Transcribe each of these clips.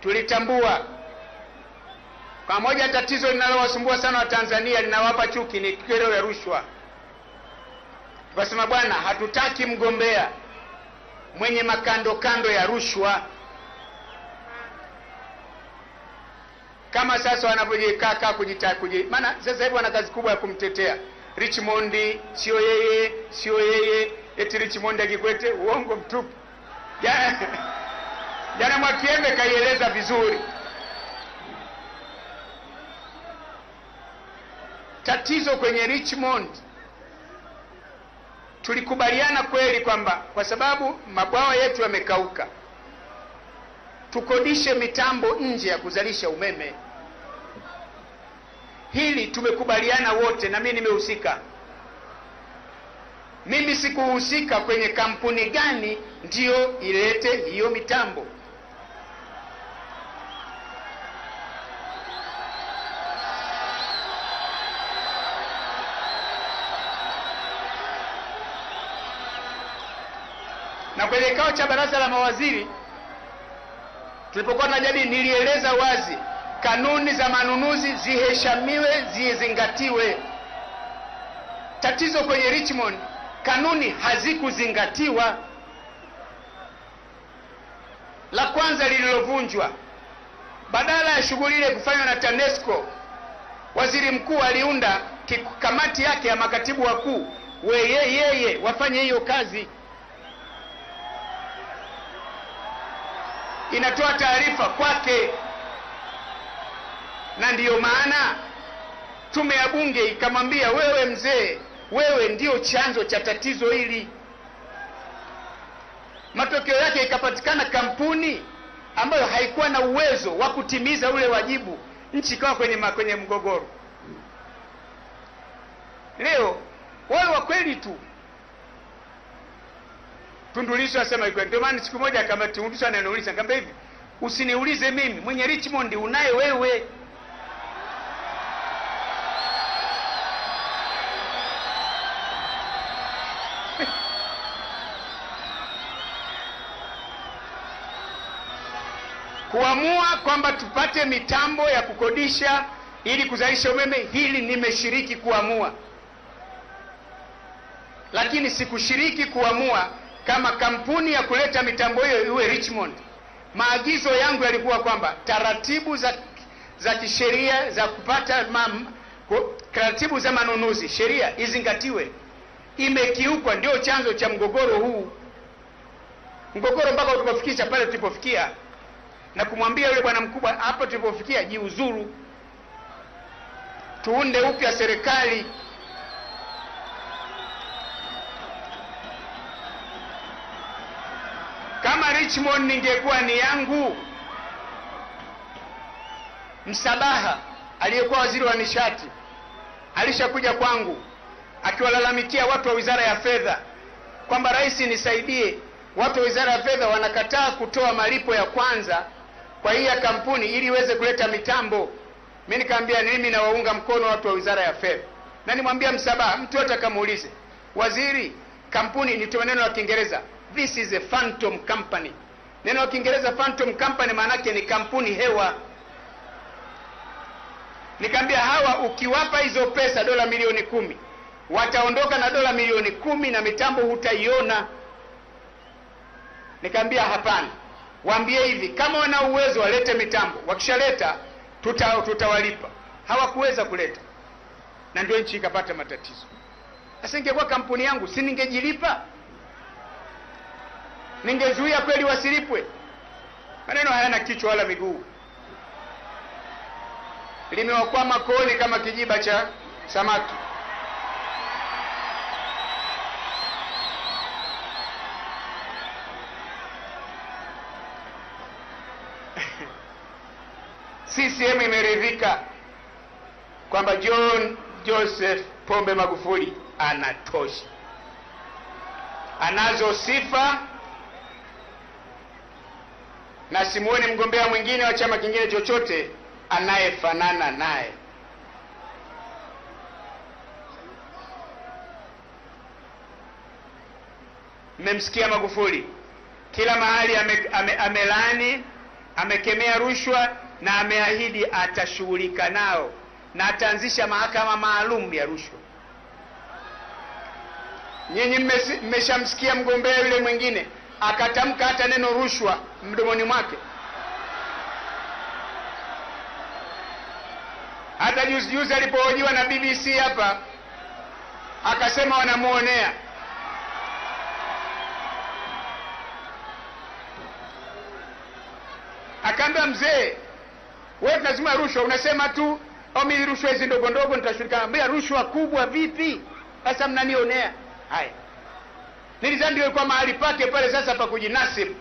Tulitambua kwa moja, tatizo linalowasumbua sana Watanzania linawapa chuki ni kero ya rushwa. Tukasema bwana, hatutaki mgombea mwenye makando kando ya rushwa kama sasa wanavyojikaka kujita kuji, maana sasa hivi wana kazi kubwa ya kumtetea Richmond. Sio yeye, sio yeye, eti Richmond akikwete uongo mtupu. Jana Mwakiembe kaieleza vizuri tatizo kwenye Richmond. Tulikubaliana kweli kwamba kwa sababu mabwawa yetu yamekauka, tukodishe mitambo nje ya kuzalisha umeme. Hili tumekubaliana wote, na mimi nimehusika. Mimi sikuhusika kwenye kampuni gani ndiyo ilete hiyo mitambo na kwenye kikao cha baraza la mawaziri tulipokuwa tunajadili, nilieleza wazi kanuni za manunuzi ziheshamiwe, zizingatiwe. Tatizo kwenye Richmond, kanuni hazikuzingatiwa. La kwanza lililovunjwa, badala ya shughuli ile kufanywa na TANESCO, waziri mkuu aliunda kamati yake ya makatibu wakuu, weyeyeye wafanye hiyo kazi. inatoa taarifa kwake, na ndiyo maana tume ya bunge ikamwambia, wewe mzee, wewe ndio chanzo cha tatizo hili. Matokeo yake ikapatikana kampuni ambayo haikuwa na uwezo wa kutimiza ule wajibu, nchi ikawa kwenye, kwenye mgogoro. Leo wawe wa kweli tu. Tundu Lissu asema iko. Ndio maana siku moja kama Tundu Lissu ananiuliza nikambe hivi, usiniulize mimi mwenye Richmond unaye wewe. Kuamua kwamba tupate mitambo ya kukodisha ili kuzalisha umeme, hili nimeshiriki kuamua, lakini sikushiriki kuamua kama kampuni ya kuleta mitambo hiyo iwe Richmond. Maagizo yangu yalikuwa kwamba taratibu za, za kisheria za kupata mam, taratibu za manunuzi, sheria izingatiwe. Imekiukwa, ndio chanzo cha mgogoro huu, mgogoro mpaka tukafikisha pale tulipofikia, na kumwambia yule bwana mkubwa, hapo tulipofikia, jiuzuru, tuunde upya serikali. Kama Richmond ningekuwa ni yangu, Msabaha aliyekuwa waziri wa nishati alishakuja kwangu akiwalalamikia watu wa wizara ya fedha kwamba rais, nisaidie. Watu wa wizara ya fedha wanakataa kutoa malipo ya kwanza kwa hii ya kampuni ili iweze kuleta mitambo. Mimi nikamwambia mimi nawaunga mkono watu wa wizara ya fedha, na nimwambia Msabaha, mtu yote akamuulize waziri, kampuni, ni neno la Kiingereza this is a phantom company. Neno la Kiingereza phantom company maana yake ni kampuni hewa. nikaambia hawa ukiwapa hizo pesa dola milioni kumi wataondoka na dola milioni kumi na mitambo hutaiona. nikaambia hapana, waambie hivi, kama wana uwezo walete mitambo, wakishaleta tuta, tutawalipa. Hawakuweza kuleta na ndio nchi ikapata matatizo. asingekuwa kampuni yangu si ningejilipa? ningezuia kweli wasilipwe. Maneno hayana kichwa wala miguu, limewakwama kooni kama kijiba cha samaki. CCM imeridhika kwamba John Joseph Pombe Magufuli anatosha, anazo sifa na simuoni mgombea mwingine wa chama kingine chochote anayefanana naye. Mmemsikia Magufuli kila mahali ame, ame, amelani amekemea rushwa na ameahidi atashughulika nao na ataanzisha mahakama maalum ya rushwa. Nyinyi mmeshamsikia mgombea yule mwingine akatamka hata neno rushwa mdomoni mwake. Hata juzi juzi alipohojiwa na BBC hapa akasema wanamuonea. Akaambia mzee, wewe tunazima rushwa, unasema tu oh, mimi rushwa hizi ndogo ndogo nitashirikana. Mbona rushwa kubwa vipi? Sasa mnanionea haya. Nilizani ndio ilikuwa mahali pake pale sasa pa kujinasibu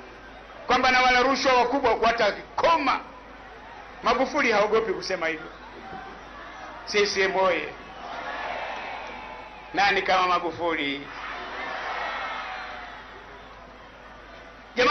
kwamba na wala rushwa wakubwa koma. Magufuli haogopi kusema hivyo. CCM oye! Nani kama Magufuli?